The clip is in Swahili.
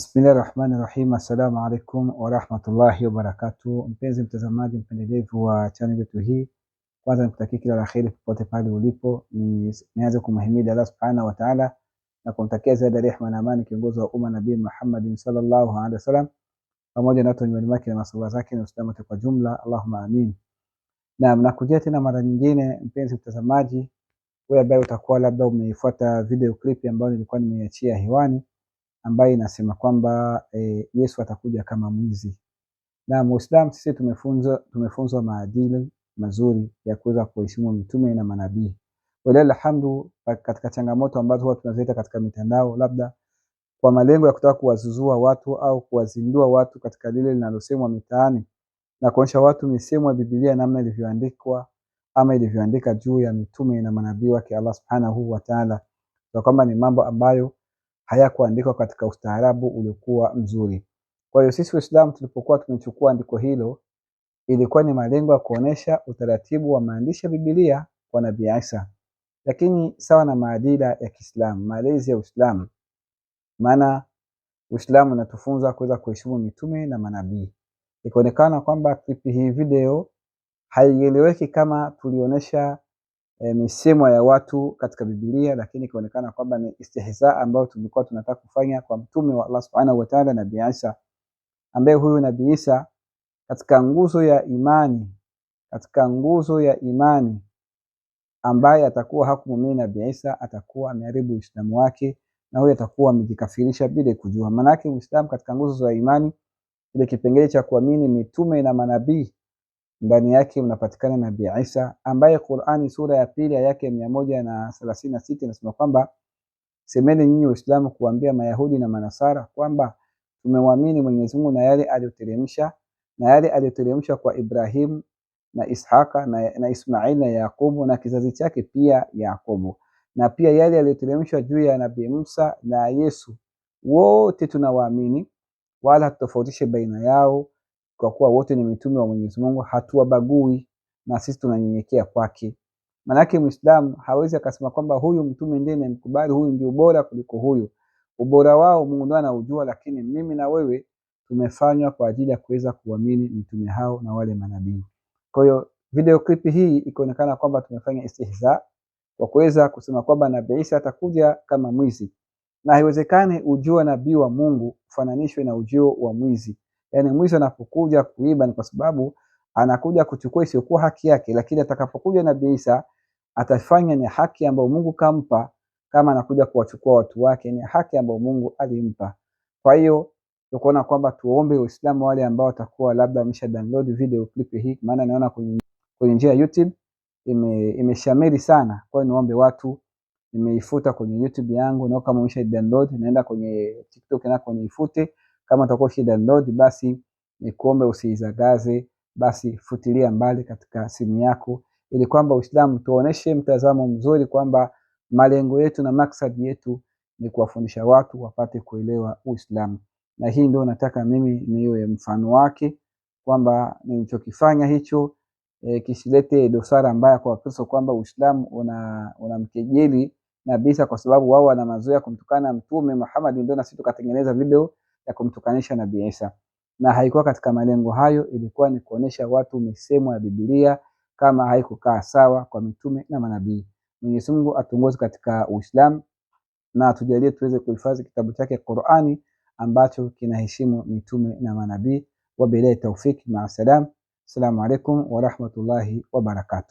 Bismillahi rahmani rahim. Assalamu alaikum warahmatullahi wabarakatuh. Mpenzi mtazamaji mpendelevu wa chaneli yetu hii, kwanza nikutakia kila la kheri popote pale ulipo. Nianze kumhimidi Allah subhanahu wa ta'ala na kumtakia zaidi rehma na amani kiongozi wa umma Nabii Muhammad sallallahu alaihi wasallam pamoja na watu wa nyumbani na maswahaba zake na usalama kwa jumla, Allahumma amin. Na nakujia tena mara nyingine mpenzi mtazamaji, wewe ambaye utakuwa labda umeifuata video clip ambayo nilikuwa nimeiachia hewani ambayo inasema kwamba e, Yesu atakuja kama mwizi. Na Muislam sisi tumefunzwa tumefunzwa maadili mazuri ya kuweza kuheshimu mitume na manabii. Wala alhamdu, katika changamoto ambazo huwa tunazileta katika mitandao, labda kwa malengo ya kutaka kuwazuzua watu au kuwazindua watu katika lile linalosemwa mitaani na kuonyesha watu misemo ya Biblia namna ilivyoandikwa ama ilivyoandika juu ya mitume na manabii wake Allah Subhanahu wa Ta'ala, kwa kwamba ni mambo ambayo hayakuandikwa katika ustaarabu uliokuwa mzuri. Kwa hiyo sisi Waislamu tulipokuwa tumechukua andiko hilo, ilikuwa ni malengo ya kuonesha utaratibu wa maandishi ya Biblia kwa Nabii Isa, lakini sawa na maadila ya Kiislamu, malezi ya Uislamu. Maana Uislamu unatufunza kuweza kuheshimu mitume na manabii. Ikaonekana kwamba klipi hii video haieleweki kama tulionesha e, misemo ya watu katika Biblia, lakini ikaonekana kwamba ni istihza ambayo tulikuwa tunataka kufanya kwa mtume wa Allah subhanahu wa ta'ala, Nabii Isa, ambaye huyu Nabii Isa katika nguzo ya imani, katika nguzo ya imani ambaye atakuwa hakumwamini Nabii Isa atakuwa ameharibu Uislamu wake na huyo atakuwa amejikafirisha bila kujua. Maanake Uislamu katika nguzo za imani, ile kipengele cha kuamini mitume na manabii ndani yake mnapatikana Nabii Isa ambaye Qur'ani sura ya pili aya yake mia moja na thelathini na sita inasema kwamba semeni nyinyi Waislamu kuambia Mayahudi na Manasara kwamba tumemwamini Mwenyezi Mungu na yale aliyoteremsha na yale aliyoteremsha kwa Ibrahim na Ishaka na, na Ismail na Yakobo na kizazi chake pia Yakobo na pia yale aliyoteremshwa juu ya Nabii Musa na Yesu, wote tunawaamini wala hatutofautishe baina yao kwa kuwa wote ni mitume wa Mwenyezi Mungu, hatuwabagui na sisi tunanyenyekea kwake. Manake Muislamu hawezi akasema kwamba huyu mtume ndiye nimemkubali, huyu ndio bora kuliko huyu. Ubora wao Mungu ndiye anaujua, lakini mimi na wewe tumefanywa kwa ajili ya kuweza kuamini mitume hao na wale manabii. Kwa hiyo video clip hii ikaonekana kwamba tumefanya istihza kwa kuweza kusema kwamba Nabii Isa atakuja kama mwizi, na haiwezekani ujio wa nabii wa Mungu ufananishwe na ujio wa mwizi. Yani mwizi anapokuja kuiba ni kwa sababu anakuja kuchukua isiyokuwa haki yake, lakini atakapokuja Nabii Isa atafanya ni haki ambayo Mungu kampa, kama anakuja kuwachukua watu wake, ni haki ambayo Mungu alimpa. Kwa hiyo tukaona kwamba tuombe Uislamu wale ambao watakuwa labda wamesha download video clip hii, maana naona kwenye kwenye njia ya YouTube ime, imeshamiri sana. Kwa hiyo niombe watu, nimeifuta kwenye YouTube yangu, na kama umesha download naenda kwenye TikTok na kwenye ifute. Kama utakuwa shida load, basi ni kuombe usizagaze, basi futilia mbali katika simu yako, ili kwamba Uislamu tuoneshe mtazamo mzuri kwamba malengo yetu na maksadi yetu ni kuwafundisha watu wapate kuelewa Uislamu, na hii ndio nataka mimi niwe mfano wake kwamba nilichokifanya hicho e, kisilete dosara mbaya kwa Wakristo kwamba Uislamu unamkejeli una na bisa, kwa sababu wao wana mazoea kumtukana Mtume Muhammad, ndio na sisi tukatengeneza video ya kumtukanisha Nabii Isa, na haikuwa katika malengo hayo. Ilikuwa ni kuonesha watu misemo ya Biblia kama haikukaa sawa kwa mitume na manabii. Mwenyezi Mungu atuongoze katika Uislamu na atujalie tuweze kuhifadhi kitabu chake Qur'ani ambacho kinaheshimu mitume na manabii. Wabillahi taufiki, maa salam. Assalamu alaikum warahmatullahi wabarakatuh.